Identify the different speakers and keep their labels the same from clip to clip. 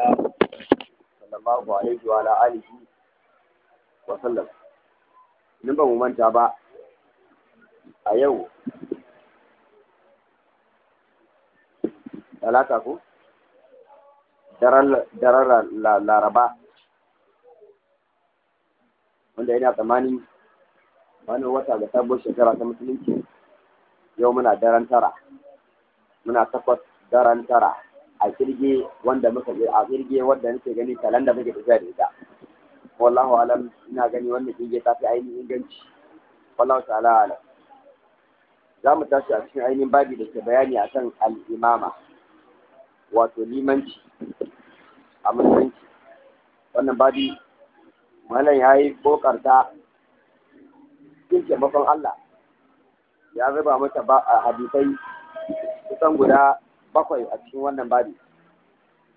Speaker 1: الله صلى الله عليه وعلى آله وسلم ba mu manta ba a yau talata ko wanda yana tsammanin wani wata ga sabon shekara ta musulunci yau muna daren tara muna takwas daren tara a kirge wanda muka je a kirge wanda nake gani da muke tafiya da ita wallahu alam ina gani wannan kirge ta fi ainihin inganci wallahu ta'ala alam za mu tashi a cikin ainihin babi da ke bayani akan al'imama wato limanci a musulunci wannan babi malam ya yi kokarta cikin taimakon Allah ya zuba mata hadisai kusan guda bakwai a cikin wannan babi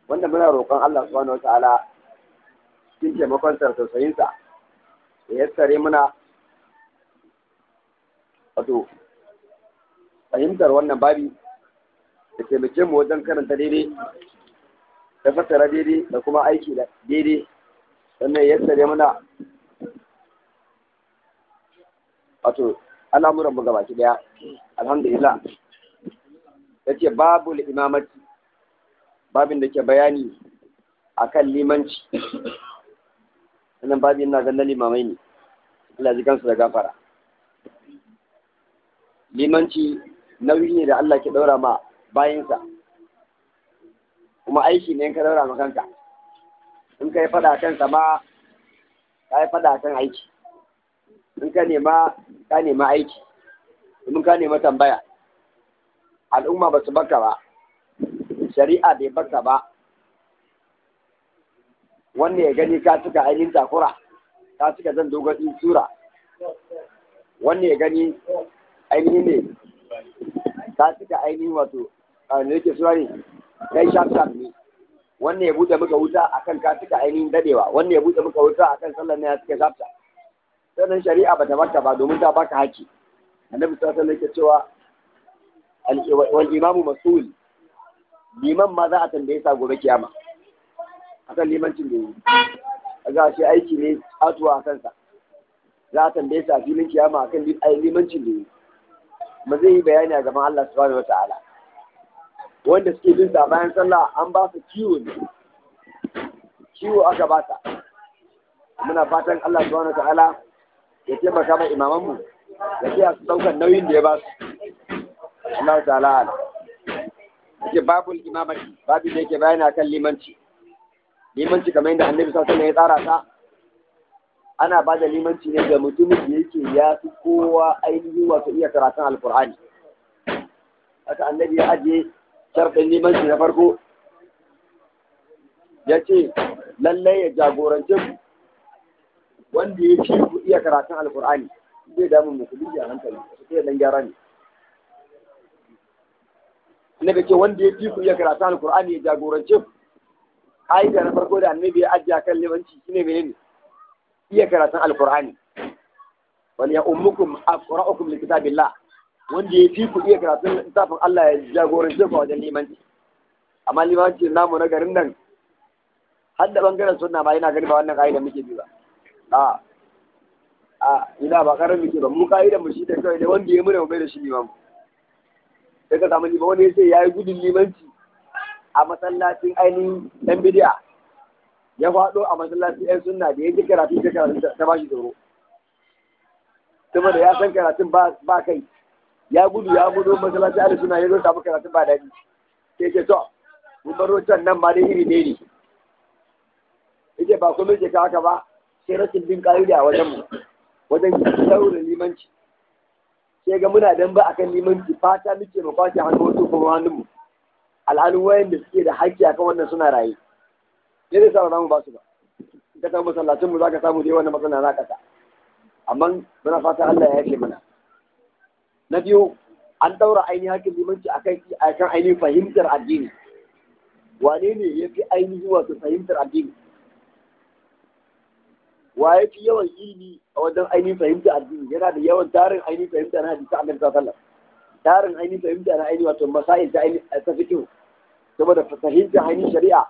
Speaker 1: wanda muna roƙon Allah subhanahu wataala cikin taimakon tausayinsa da yassare muna wato fahimtar wannan babi da taimake mu wajen karanta daidai da fassara daidai da kuma aiki da daidai sannan yassare muna wato al'amuranmu gabaki daya alhamdulillah yace babul imamati babin da ke bayani akan limanci wannan babin na ganin limamai ne Allah ji kansu da gafara limanci nauyi ne da Allah ke daura ma bayinsa kuma aiki ne in ka daura ma kanka in ka yi fada kansa ma ka yi fada kan aiki in ka nema ka nema aiki in ka nema tambaya al'umma ba su baka ba shari'a bai baka ba wannan ya gani ka cika ainihin takura ka cika zan dogon sura wannan ya gani ainihin ne ka cika ainihin wato a ne yake sura ne kai sharp sharp ne wannan ya buɗe muka wuta akan ka cika ainihin dadewa wannan ya buɗe muka wuta akan sallar na ya cika sharp sharp sannan shari'a ba ta baka ba domin ta baka haƙƙi annabi sallallahu alaihi wasallam yake cewa wal imamu masul liman ma za a tambaye sa gobe kiyama akan limancin da yi ga shi aiki ne atuwa a kansa za a tambaye sa filin kiyama akan limancin da yi ba zai yi bayani a gaban Allah subhanahu wata'ala wanda suke bin sa bayan sallah an ba su kiwo ne Kiwo aka ba ta muna fatan Allah subhanahu wata'ala ya taimaka ma imamanmu ya kiyaye su daukar nauyin da ya ba su Allah ta'ala ala yake babul imamati babu da yake bayani kan limanci limanci kamar yadda annabi sallallahu alaihi wasallam ya tsara ta ana ba da limanci ne ga mutumin da yake ya fi kowa ainihi wato iya karatun alkur'ani haka annabi ya ajiye sharfin limanci na farko ya ce lallai ya jagorance ku wanda ya fi ku iya karatun alkur'ani zai damu mu ku a hankali sai dan gyara ne annabi ce wanda ya fi ku iya karatu alkur'ani ya jagorance ku yi na farko da annabi ya ajiya kan limanci shine menene iya karatun alkur'ani wal ya ummukum aqra'ukum li kitabillah wanda ya fi ku iya karatun littafin Allah ya jagorance ku wajen limanci amma limanci namu na garin nan har da bangaren sunna ma yana gani ba wannan ka'ida muke bi ba a a ina ba karin muke ba mu ka'idar mu shi da kawai da wanda ya mura mu bai da shi limanci sai ka samu liman wani ya ce ya yi gudun limanci a masallacin ainihin ɗan bidiya ya faɗo a masallacin ɗan sunna da ya ji karatu ta karatun ta ba shi tsoro saboda ya san karatun ba kai ya gudu ya gudu masallacin ainihin sunna ya zo samu karatun ba daɗi sai ce to mun baro can nan ma dai iri ne ne yake ba komai ke haka ba sai rashin bin ƙa'ida a wajen mu wajen saurin limanci sai ga muna dan ba akan ki fata muke mu kwace hannu wasu kuma mu alhalin wayan da suke da haƙƙi akan wannan suna raye ne zai sa mu ba su ba ka samu masallacin mu zaka samu dai wannan matsala na kasa amma muna fata Allah ya yake mana na biyu an daura ainihin haƙƙin limanci akan akan ainihin fahimtar addini wane ne fi ainihin wato fahimtar addini wa ya fi yawan ilimi a wajen ainihin fahimta addini yana da yawan tarin ainihin fahimta na hadisi annabi sallallahu tarin ainihin fahimta na ainihin wato masail ta ainihin ta fiqh saboda fahimta ainihin shari'a